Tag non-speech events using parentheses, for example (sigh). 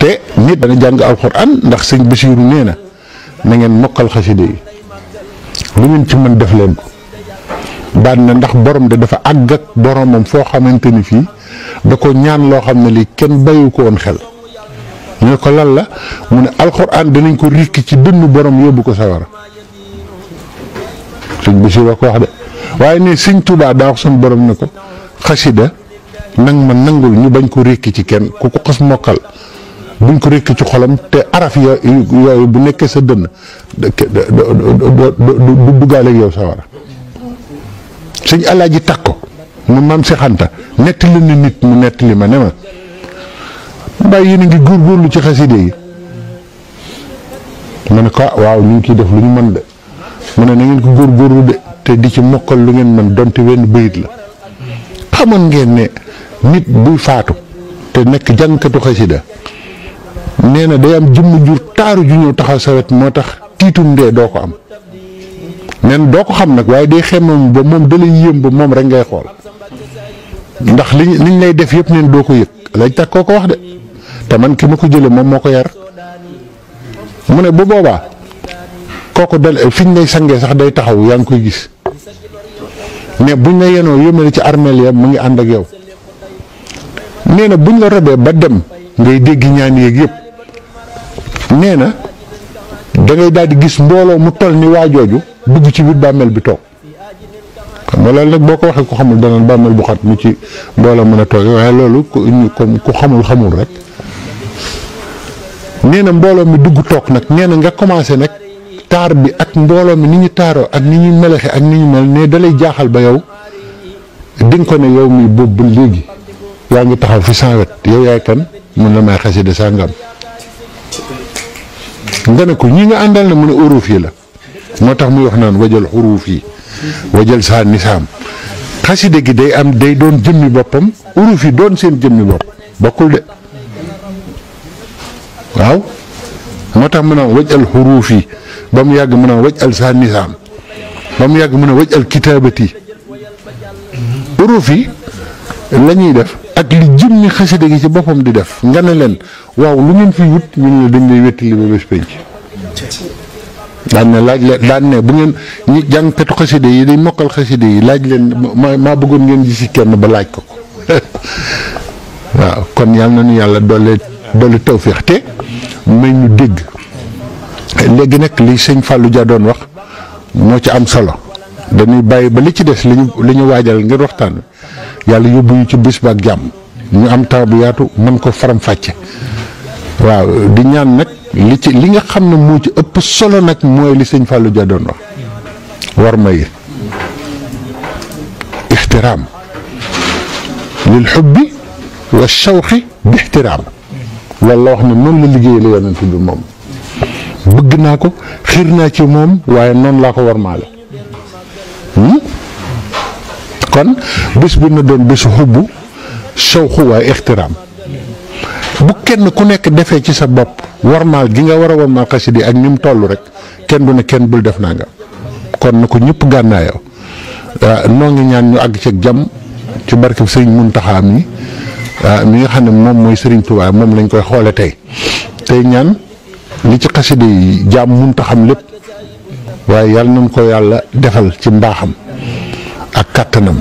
teh nit nga jangga alxuraan ndax sëñ Basiiru neena na ngeen mokal xasida yi lu ngeen ci mën def leen ko na ndax borom de dafa ag ak boromam foo xamante ni fii da ko ñaan lo xamne li kenn bayu ko won xel ñu ko lan la mu ne da nañ ko rikki ci dënn borom yobu ko sawar sëñ Basiiru ko wax de waye ni touba da wax sun borom ne ko nang man nangul ñu bañ ko rikki ci kenn ku ko mokal buñ ko rekk ci xolam te araf ya yooyu bu nekkee sa dënn du duggaale yow sa wara sëñ alaaji takk ko mu maam si xanta nettali na nit mu nettali ma ne ma mbay yéen a ngi góorgóorlu ci xaside yi ma ne ko ah, waaw ñu ngi ciy def lu ñu mën de mu ne na ngeen góor góorgóorlu de te di ci mokkal lu ngeen mën donte wenn bayit la xamoon ngeen ne nit buy faatu te nekk jànkatu xasida nee na day am jëmm jur taaru ju ñëw taxaw sa wet moo tax tiitum ndee doo ko am nee na doo ko xam nag waaye day xemmam ba moom da lay moom rek ngay xool ndax li liñ lay def yëpp neen doo ko yëg lañ tax koo ko wax de te man ki ma ko jëlee moom moo ko yar mu ne bu boobaa kooku dal eh, fiñ lay sangee sax day taxaw yaa ngi koy gis ne buñ la yenoo yémale ci armeel ya mu ngi ànd ak yow nee na buñ la robee ba dem ngay dégg ñaan yéeg yëpp neena na da ngay daal di gis mbolo mu tol ni wajoju jooju dugg ci bit bamel bi tok xam nga loolu nag boo ko xamul da na bamel bu xat mu ci tok mën a ko ñu ko ku xamul xamul rek neena na mi dug tok nak neena nga commencé nak tar bi ak mbolo mi ni ñu taro ak ni ñu melexe ak ni ñu mel ne dalay jaaxal ba yow di ko ne yow mi bobu legi ya nga taxaw fi yow yaay kan mu na may de sangam nga ne ko ñi nga àndal na mu ne uruf yi la moo tax muy wax naan wajal xuruuf yi wajal saa nisaam xaside gi day am day doon jëmmi boppam uruf yi doon seen jëmmi bopp bokkul de waaw moo tax mu naan wajal xuruuf yi ba mu yàgg mu naan wajal saa nisaam ba mu yàgg mu ne wajal kitaabati uruf yi la ñuy def. ak li jëmmi xassade gi ci bopam di def nga ne len waw lu ngeen fi wut ñu ne dañ lay wettali ba bés penc dañ ne laaj leen daan ne bu ngeen ñi jàngkatu xassade yi day mokal xassade yi laaj len ma bëggoon ngeen gis ci kenn ba laaj ko (laughs) waaw kon yàlla nañu yalla dole dole tawfiq te may ñu deg legi nak li sëñ fallu Dia doon wax mo ci am solo dañuy bàyyi ba li ci dess liñu liñu wajal ngir waxtaan yalla yobbu ñu ci bis ba ak jàmm ñu am temps bu yaatu mën ko faram facce waaw di ñaan nak li ci li nga xamne mo ci ëpp solo nak moy li fallu jadon wax war may ihtiram lil hubbi wa shawhi bi ihtiram loolu la wax ne non la liggey li yonent bi mom bëgg na ko ci mom waye non la ko war male kon bis bu ne doon bisu hubbu sawxu waaye ixtiraam bu kenn ku nekk defee ci sa bopp warmaal gi nga war a warmaal xasida ak ni mu toll rek kenn du ne kenn bul def naa nga kon na ko ñëpp gànnaayoo ah, noo ngi ñaan ñu àgg ci ak jam ci barke sëriñ Muntaxa mi ah, mi nga xam ne moom mooy sëriñ Tuubaa moom lañ koy xoole tey tey ñaan li ci xasida yi jàmm munta xam lépp waaye yàlla nañ ko yàlla defal ci mbaaxam ak kàttanam